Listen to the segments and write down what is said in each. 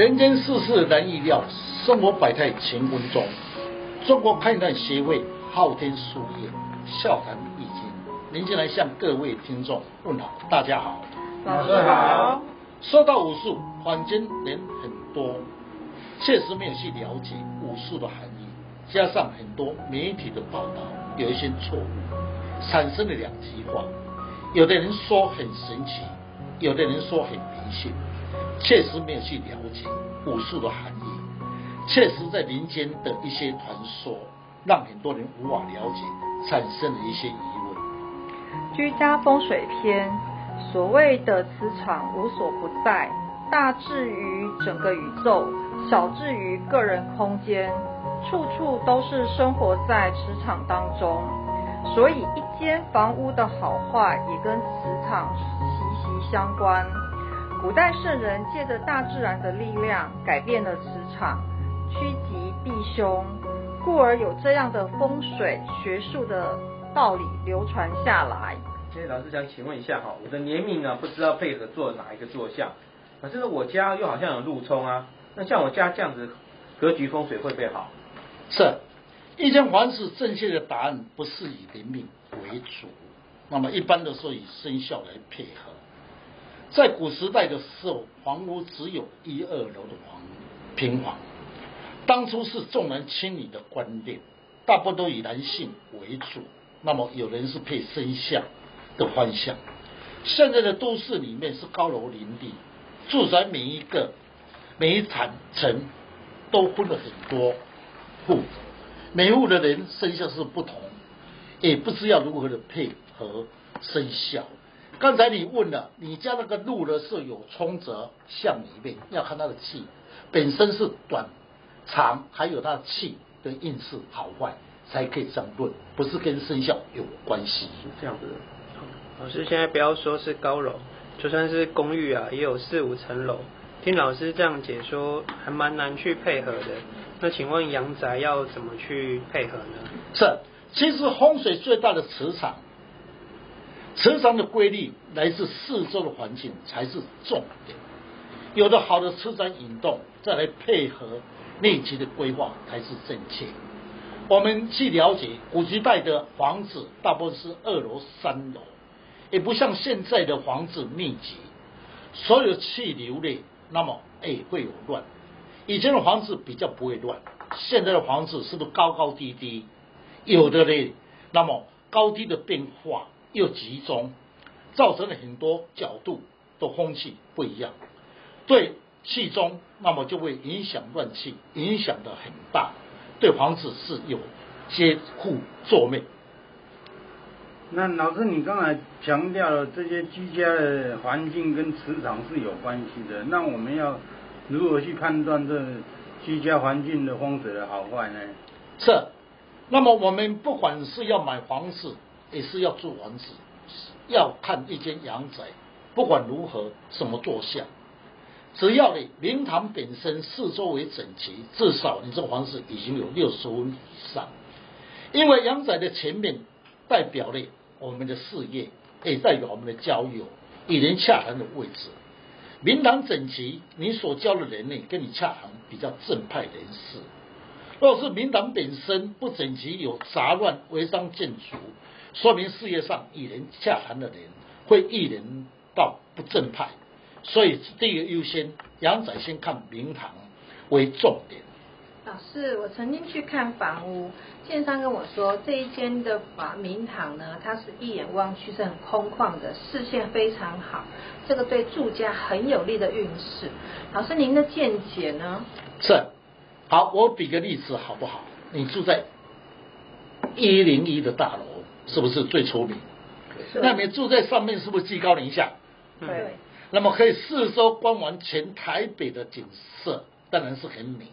人間世事難預料，生活百態乾坤中。中國堪輿協會昊天書院笑談易經，您先來向各位聽眾問好，大家好，老師好。說到武術，坊間人很多，確實沒有去了解武術的含義，加上很多媒體的報道，有一些錯誤，產生了兩極化。有的人說很神奇，有的人說很迷信。確實沒有去了解武術的含義，確實在民間的一些傳說，讓很多人無法了解，產生了一些疑問。居家風水篇，所謂的磁場無所不在，大至於整個宇宙，小至於個人空間，處處都是生活在磁場當中，所以一間房屋的好壞也跟磁場息息相關。古代聖人借着大自然的力量改變了磁場，趨吉避凶，故而有這樣的風水學術的道理流傳下來。所以老師想請問一下哈，我的年命啊不知道配合做哪一個坐向，啊，可是我家又好像有路沖啊，那像我家這樣子格局風水會不會好？是，一間房子正確的答案不是以年命為主，那麼一般都是以生肖來配合。在古時代的時候，房屋只有一二樓的房平房，當初是重男輕女的觀念，大部分都以男性為主。那麼有人是配生肖的方向。現在的都市裡面是高樓林立，住在每一個每一產層都分了很多戶，每戶的人生肖是不同，也不知道如何的配合生肖。剛才你問了，你家那個路呢，是有衝折向裡面，要看它的氣本身是短長，還有它的氣跟運勢好壞才可以這樣論，不是跟生肖有關係。是這樣子。嗯，老師現在不要說是高樓，就算是公寓啊，也有四五層樓。聽老師這樣解說，還蠻難去配合的。那請問陽宅要怎麼去配合呢？是，其實風水最大的磁場。車山的規律來自四周的環境才是重點，有的好的車山引動，再來配合密集的規劃才是正確。我們去了解古吉拜的房子，大部分是二樓三樓，也不像現在的房子密集，所有的氣流嘞，那麼哎會有亂。以前的房子比較不會亂，現在的房子是不是高高低低？有的嘞，那麼高低的變化。又集中，造成了很多角度的風氣不一樣，對氣中，那麼就會影響亂氣，影響的很大，對房子是有些護作用。那老師，你剛才強調了這些居家的環境跟磁場是有關係的，那我們要如何去判斷這居家環境的風水的好壞呢？是，那麼我們不管是要買房子。也是要住房子，要看一間陽宅，不管如何什麼座向，只要你明堂本身四周圍整齊，至少你這房子已經有六十分以上。因為陽宅的前面代表了我們的事業，也代表我們的交友與人洽談的位置。明堂整齊，你所交的人呢，跟你洽談比較正派人士。若是明堂本身不整齊，有雜亂、違章建築。說明事業上，一年下寒的人會一年到不正派，所以第一個優先，陽宅先看明堂為重點。老師，我曾經去看房屋，建商跟我說這一間的房明堂呢，它是一眼望去是很空曠的，視線非常好，這個對住家很有利的運勢。老師，您的見解呢？是。好，我比個例子好不好？你住在一零一的大樓。是不是最出名？是的。那你住在上面是不是居高臨下？對、嗯。那麼可以四周觀完全台北的景色，當然是很美。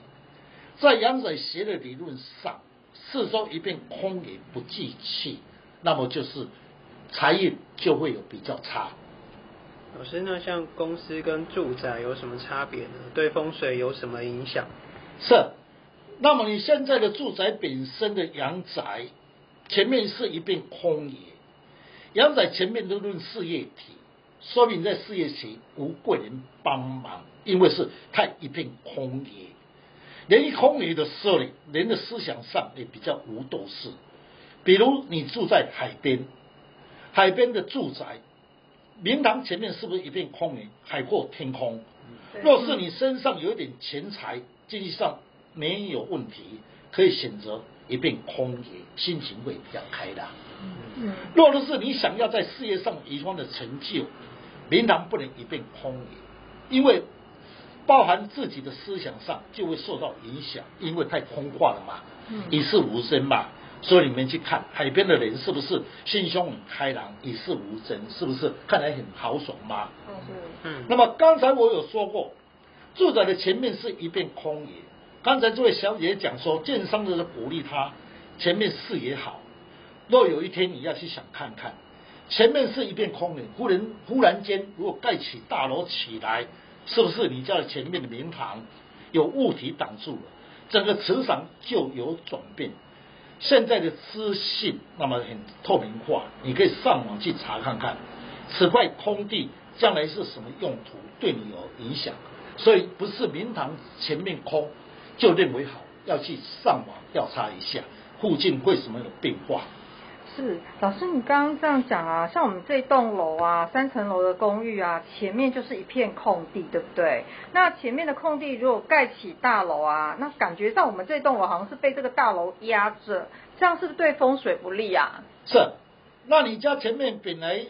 在陽宅學的理論上，四周一片空也不聚氣，那麼就是財運就會有比較差。老師，呢，像公司跟住宅有什麼差別呢？對風水有什麼影響？是。那麼你現在的住宅本身的陽宅。前面是一片空野，羊仔前面都論事業體，說明在事業期，無貴人幫忙，因為是太一片空野。連空野的時候，人的思想上也比較無鬥志。比如你住在海邊，海邊的住宅，明堂前面是不是一片空野，海闊天空？嗯、若是你身上有一點錢財，經濟上沒有問題，可以選擇。一片空野，心情會比較開朗。嗯，嗯，若不是你想要在事業上一番的成就，明堂不能一片空野，因為包含自己的思想上就會受到影響，因為太空曠了嘛，與世、嗯、無爭嘛。所以你們去看海邊的人，是不是心胸很開朗，與世無爭，是不是？看來很豪爽嘛。嗯嗯。嗯嗯，那麼剛才我有說過，住宅的前面是一片空野。剛才這位小姐講說，建商的鼓勵他，前面視野好。若有一天你要去想看看，前面是一片空的，忽然忽然間如果蓋起大樓起來，是不是你家的前面的明堂有物體擋住了，整個磁場就有轉變。現在的資訊那麼很透明化，你可以上網去查看看，此塊空地將來是什麼用途，對你有影響。所以不是明堂前面空。就認為好，要去上網調查一下附近為什麼有變化。是老師，你剛剛這樣講啊，像我們這棟樓啊，三層樓的公寓啊，前面就是一片空地，對不對？那前面的空地如果蓋起大樓啊，那感覺上我們這棟樓好像是被這個大樓壓着，這樣是不是對風水不利啊？是，那你家前面本來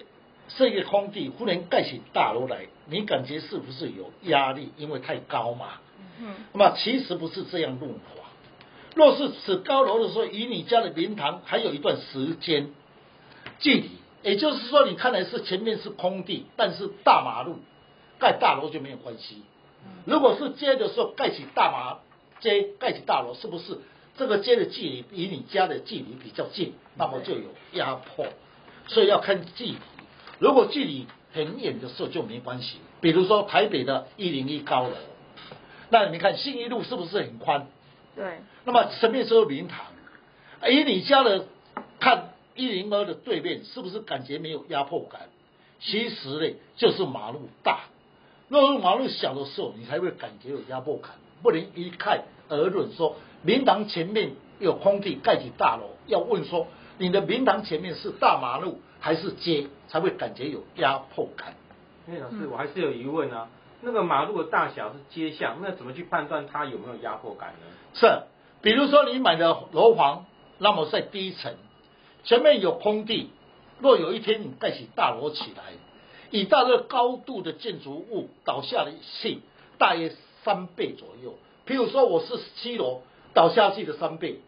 是一個空地，忽然蓋起大樓來，你感覺是不是有壓力？因為太高嘛？嗯，那麼其實不是這樣論法。若是此高樓的時候，與你家的明堂還有一段時間距離，也就是說，你看來是前面是空地，但是大馬路蓋大樓就沒有關係。如果是街的時候，蓋起大馬街蓋起大樓，是不是這個街的距離與你家的距離比較近，那麼就有壓迫，所以要看距離。如果距離很遠的時候就沒關係。比如說台北的一零一高樓。那你看信義路是不是很寬？對。那麼前面說明堂，以你家的看一零二的對面，是不是感覺沒有壓迫感？其實呢，就是馬路大。如果馬路小的時候，你才會感覺有壓迫感。不能一概而論，說明堂前面有空地蓋起大樓，要問說你的明堂前面是大馬路還是街，才會感覺有壓迫感。哎、嗯，老師，我還是有疑問啊。那個馬路的大小是街巷，那怎麼去判斷它有沒有壓迫感呢？是，比如說你買的樓房，那麼在低層前面有空地，若有一天你蓋起大樓起來，以大的高度的建築物倒下的氣大約三倍左右。譬如說我是七樓倒下去的三倍，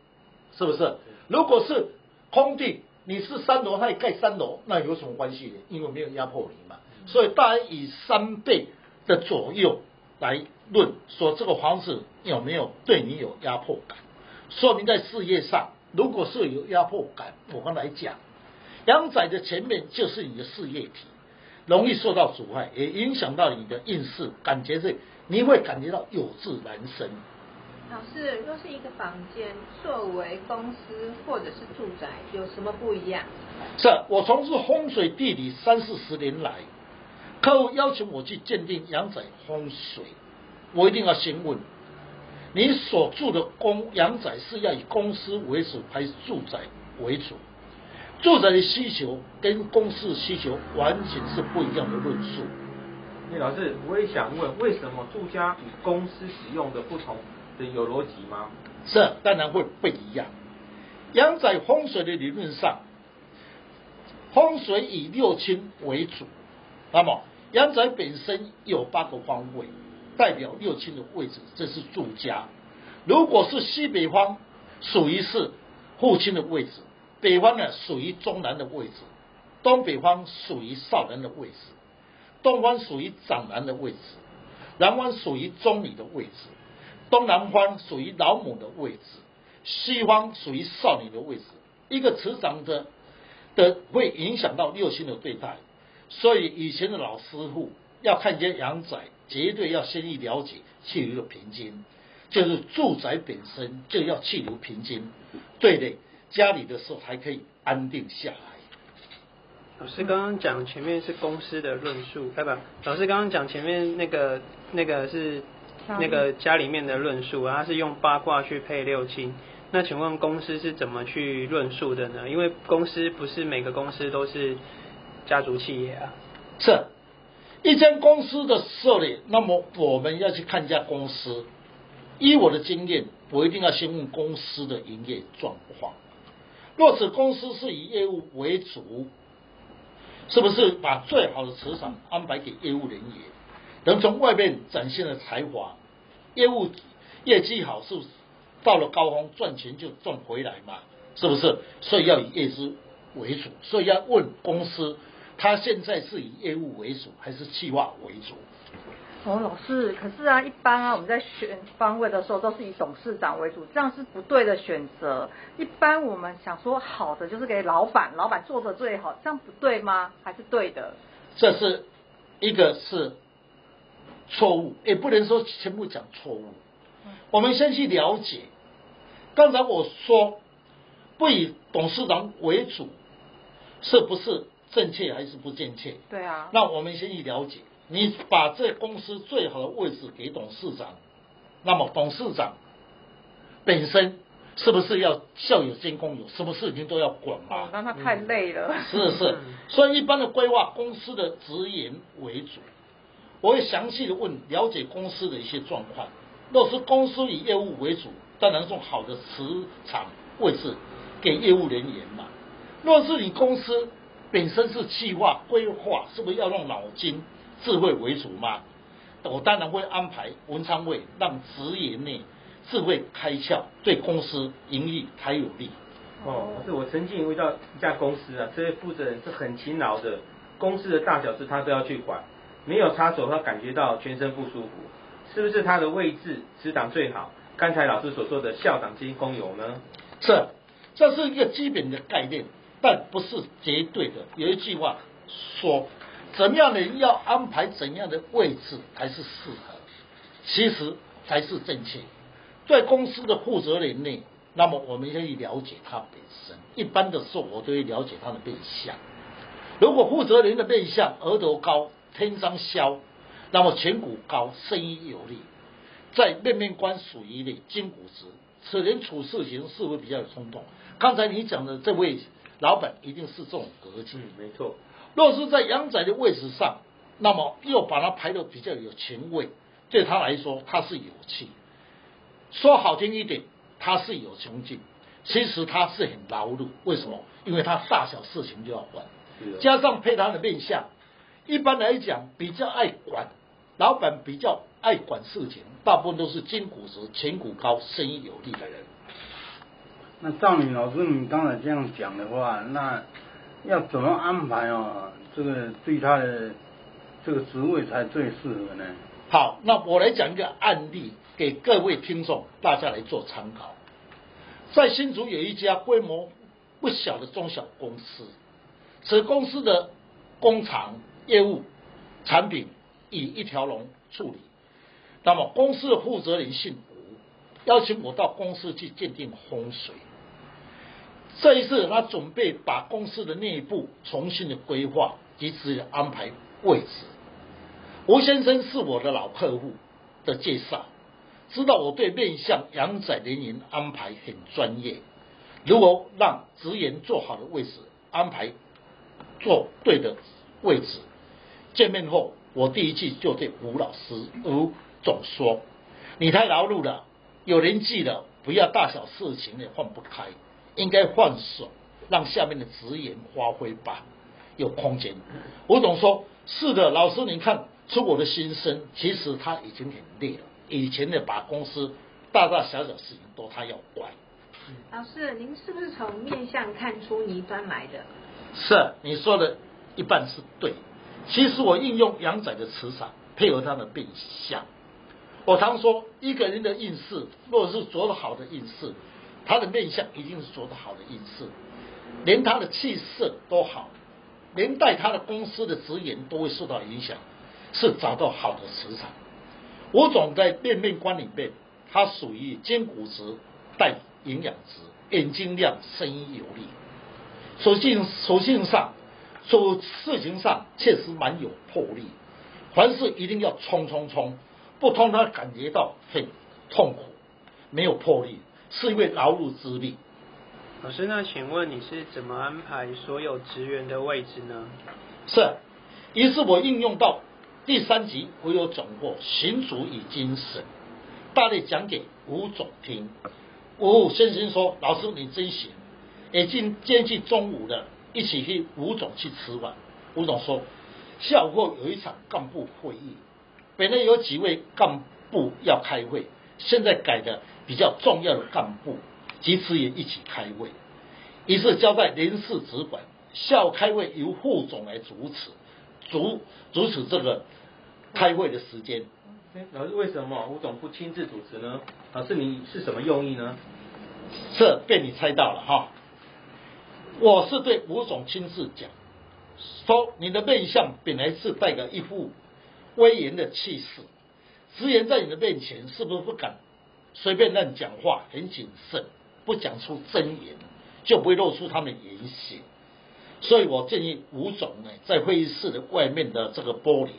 是不是？如果是空地，你是三樓，他也蓋三樓，那有什麼關係呢？因為沒有壓迫你嘛。所以大約以三倍，的左右來論說，這個房子有沒有對你有壓迫感？說明在事業上，如果是有壓迫感，我們來講，陽宅的前面就是你的事業體，容易受到阻礙，也影響到你的運勢。感覺是你會感覺到有志難伸。老師，若是一個房間作為公司或者是住宅，有什麼不一樣？是我從事風水地理三四十年來。客戶要求我去鑑定陽宅風水，我一定要先問，你所住的公陽宅是要以公司為主還是住宅為主？住宅的需求跟公司需求完全是不一樣的論述。林老師，我也想問，為什麼住家與公司使用的不同，這有邏輯嗎？是啊，當然會不一樣。陽宅風水的理論上，風水以六親為主，那麼。陽宅本身有八個方位，代表六親的位置，這是住家。如果是西北方，屬於是父親的位置；北方呢，屬於中男的位置；東北方屬於少男的位置；東方屬於長男的位置；南方屬於中女的位置；東南方屬於老母的位置；西方屬於少女的位置。一個磁場的的會影響到六親的對待。所以以前的老師傅要看人家陽宅，絕對要先一了解氣流的平津，就是住宅本身就要氣流平津，對的，家裡的時候才可以安定下來。老師剛剛講前面是公司的論述，老師剛剛講前面那個那個是那個家裡面的論述，他是用八卦去配六親。那請問公司是怎麼去論述的呢？因為公司不是每個公司都是。家族企業啊，是一間公司的設立，那麼我們要去看一家公司。以我的經驗，我一定要先問公司的營業狀況。若是公司是以業務為主，是不是把最好的磁場安排給業務人員，能從外面展現的才華，業務業績好，是不是到了高峰賺錢就賺回來嘛？是不是？所以要以業績為主，所以要問公司。他現在是以業務為主還是企劃為主？哦，老師，可是啊，一般啊，我們在選方位的時候都是以董事長為主，這樣是不對的選擇。一般我們想說好的就是給老闆，老闆做的最好，這樣不對嗎？還是對的？這是一個是錯誤，也、欸、不能說全部講錯誤。嗯、我們先去了解，剛才我說不以董事長為主，是不是？正確還是不正確？對啊。那我們先去了解。你把這公司最好的位置給董事長，那麼董事長本身是不是要校友監工有，有什麼事情都要管嘛？那、啊、他太累了、嗯。是是，所以一般的規劃公司的職員為主。我會詳細的問了解公司的一些狀況。若是公司以業務為主，當然是好的磁場位置給業務人員嘛。若是你公司，本身是企劃規劃，是不是要用腦筋、智慧為主嘛？我當然會安排文昌位，讓職業內智慧開竅，對公司盈利才有利。哦，是我曾經遇到一家公司啊，這位負責人是很勤勞的，公司的大小事他都要去管，沒有插手他感覺到全身不舒服，是不是他的位置職掌最好？剛才老師所說的校長兼工友呢？是，這是一個基本的概念。但不是絕對的，有一句話說：怎樣的人要安排怎樣的位置才是適合，其實才是正確。在公司的負責人內，那麼我們要去了解他本身。一般的時候，我都會了解他的面相。如果負責人的面相額頭高，天倉削，那麼顴骨高，聲音有力，在面面觀屬於你筋骨質，此人處事情是否比較有衝動？剛才你講的這位。老闆一定是這種格局、嗯。沒錯。若是在陽宅的位置上，那麼又把它排得比較有前衛，對他來說，他是有氣。說好聽一點，他是有衝勁。其實他是很勞碌，為什麼？因為他大小事情就要管。嗯，加上配他的面相，一般來講比較愛管，老闆比較愛管事情，大部分都是筋骨質、顴骨高，聲音有力的人。那趙敏老師，你剛才這樣講的話，那要怎麼安排哦？這個對他的這個職位才最適合呢？好，那我來講一個案例給各位聽眾，大家來做參考。在新竹有一家規模不小的中小公司，此公司的工廠業務產品以一條龍處理。那麼公司的負責人姓吳，邀請我到公司去鑑定風水。這一次，他準備把公司的內部重新的規劃，及職員安排位置。吳先生是我的老客戶的介紹，知道我對面相陽宅人員安排很專業。如果讓職員做好的位置安排，做對的位置，見面後，我第一句就對吳老師吳、呃、總說：“你太勞碌了，有年紀了，不要大小事情也放不開。”應該放手，讓下面的職員發揮吧，有空間。吳總說：“是的，老師，你看出我的心聲。其實他已經很累了，以前的把公司大大小小事情都他要管。”老師，您是不是從面相看出端倪來的？是啊，你說的一半是對，其實我應用陽宅的磁場配合他的面相。我常說，一個人的運勢，若是做了好的運勢。他的面相一定是做得好的意思，一次連他的氣色都好，連帶他的公司的職員都會受到影響，是找到好的磁場。吳總在面面觀裡面，他屬於筋骨質帶營養質，眼睛亮，聲音有力。手性手性上做事情上確實蠻有魄力，凡事一定要衝衝衝，不通他感覺到很痛苦，沒有魄力。是一位勞務資歷老師。那請問你是怎麼安排所有職員的位置呢？是，於是我應用到第三集，我有講過行主與精神，大力講給吳總聽。吳先生說：“老師你真行，已經接近中午了，一起去吳總去吃飯。”吳總說：“下午會有一場幹部會議，本來有幾位幹部要開會，現在改的。”比較重要的幹部，及時也一起開會，於是交代人事主管，校開會由副總來主持，主主持這個開會的時間。欸，老師，為什麼吳總不親自主持呢？老師，你是什麼用意呢？這被你猜到了哈。我是對吳總親自講，說你的面相本來是帶著一副威嚴的氣勢，職員在你的面前是不是不敢？隨便亂講話，很謹慎，不講出真言，就不會露出他們言行。所以我建議吳總呢，在會議室的外面的這個玻璃，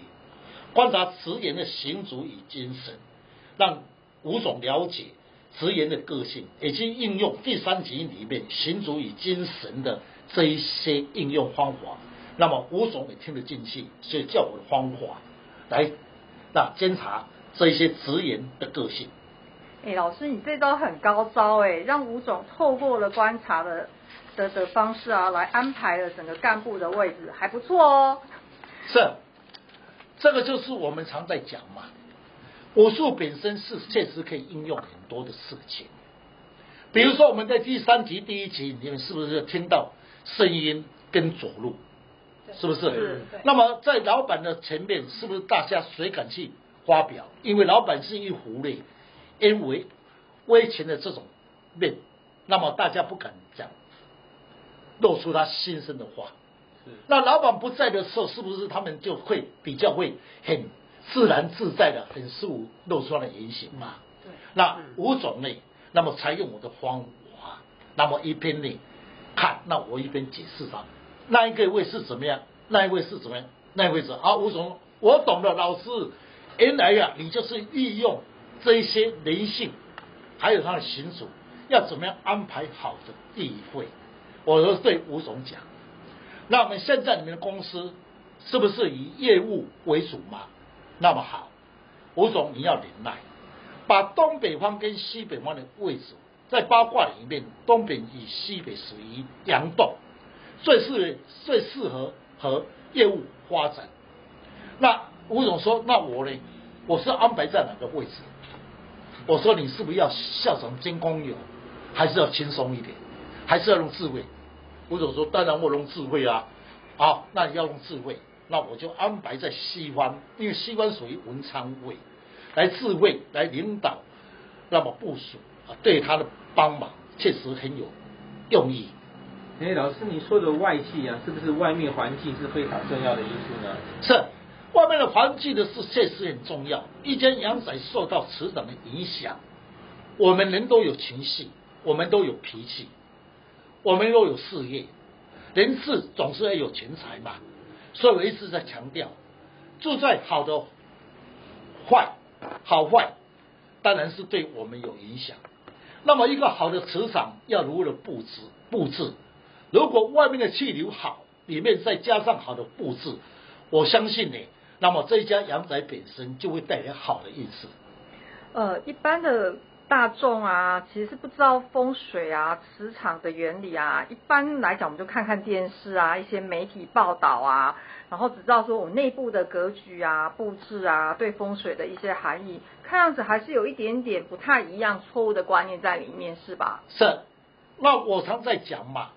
觀察職員的行足與精神，讓吳總了解職員的個性，以及應用第三集裡面行足與精神的這一些應用方法。那麼吳總也聽得進去，所以教我的方法來那監察這一些職員的個性。哎，老師，你這招很高招哎，讓吳總透過了觀察的的的方式啊，來安排了整個幹部的位置，還不錯哦。是，這個就是我們常在講嘛，武術本身是確實可以應用很多的事情，比如說我們在第三集、嗯、第一集，你們是不是聽到聲音跟走路，對是不是？對那麼在老板的前面，是不是大家誰敢去發表？因為老板是一狐狸。因為威權的這種面，那麼大家不敢講，露出他心聲的話。是那老板不在的時候，是不是他們就會比較會很自然自在的、很素露出來的言行嘛？對，那五種類那麼採用我的方法、啊，那麼一邊令看，那我一邊解釋他，那一個位是怎麼樣？那一位是怎麼樣？那一位是,是，啊，吳總，我懂了，老師，原來呀，你就是運用。”這一些人性，還有他的行主要怎麼樣安排好的地位？我說對吳總講，那我們現在你們的公司是不是以業務為主嘛？那麼好，吳總你要連麥，把東北方跟西北方的位置，在八卦裡面，東北與西北屬於陽動，最適最適合和業務發展。那吳總說，那我呢？我是安排在哪個位置？我說，你是不是要校長兼工友？還是要輕鬆一點？還是要用智慧？我就說：“當然我用智慧啊，好，那要用智慧，那我就安排在西方，因為西方屬於文昌位，來智慧來領導，那麼部署、啊、對他的幫忙確實很有用意。”哎，老師你說的外界啊，是不是外面環境是非常重要的因素呢？是。外面的環境的事確實很重要。一間陽宅受到磁場的影響，我們人都有情緒，我們都有脾氣，我們都有事業，人是總是要有錢財嘛。所以我一直在強調，住在好的、壞、好壞，當然是對我們有影響。那麼一個好的磁場要如何的佈置？佈置，如果外面的氣流好，裡面再加上好的佈置，我相信你。那麼這一家陽宅本身就會帶來好的意思。呃，一般的大眾啊，其實不知道風水啊、磁場的原理啊。一般來講，我們就看看電視啊，一些媒體報道啊，然後只知道說我們內部的格局啊、布置啊，對風水的一些含義，看樣子還是有一點點不太一樣、錯誤的觀念在裡面，是吧？是。那我常在講嘛。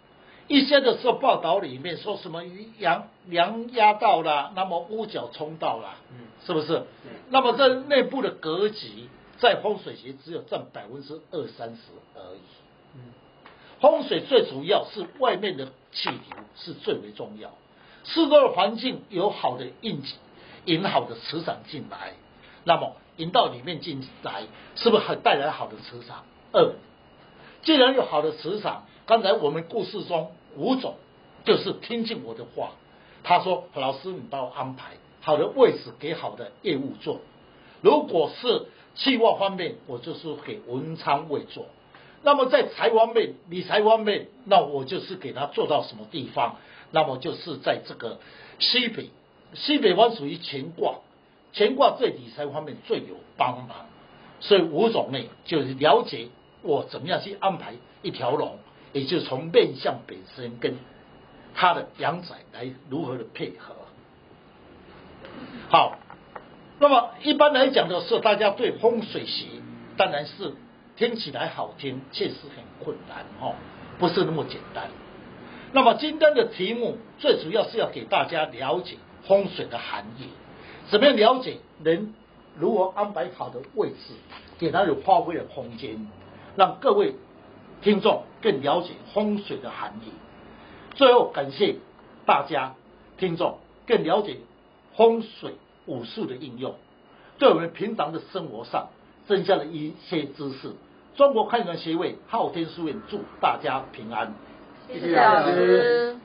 一些的時候報道裡面說什麼陽陽壓到了，那麼屋角衝到了，嗯，是不是？是。那麼在內部的格局，在風水學只有佔百分之二三十而已。嗯，風水最主要是外面的氣體是最為重要，四周的環境有好的印記，引好的磁場進來，那麼引到裡面進來，是不是還帶來好的磁場？二，既然有好的磁場。剛才我們故事中，吳總就是聽進我的話。他說：“老師，你幫我安排好的位置給好的業務做。如果是計劃方面，我就是給文昌位做；那麼在財方面、理財方面，那我就是給他做到什麼地方？那麼就是在這個西北，西北方屬於乾卦，乾卦在理財方面最有幫忙。所以吳總呢，就是了解我怎麼樣去安排一條龍。”也就從面相本身跟他的陽宅來如何的配合。好，那麼一般來講的是，大家對風水學當然是聽起來好聽，確實很困難哦，不是那麼簡單。那麼今天的題目最主要是要給大家了解風水的含義，怎麼樣了解人如何安排好的位置，給他有發揮的空間，讓各位。聽眾更了解風水的含義。最後感謝大家，聽眾更了解風水武術的應用，對我們平常的生活上增加了一些知識。中國開極協會昊天書院祝大家平安，謝謝老師。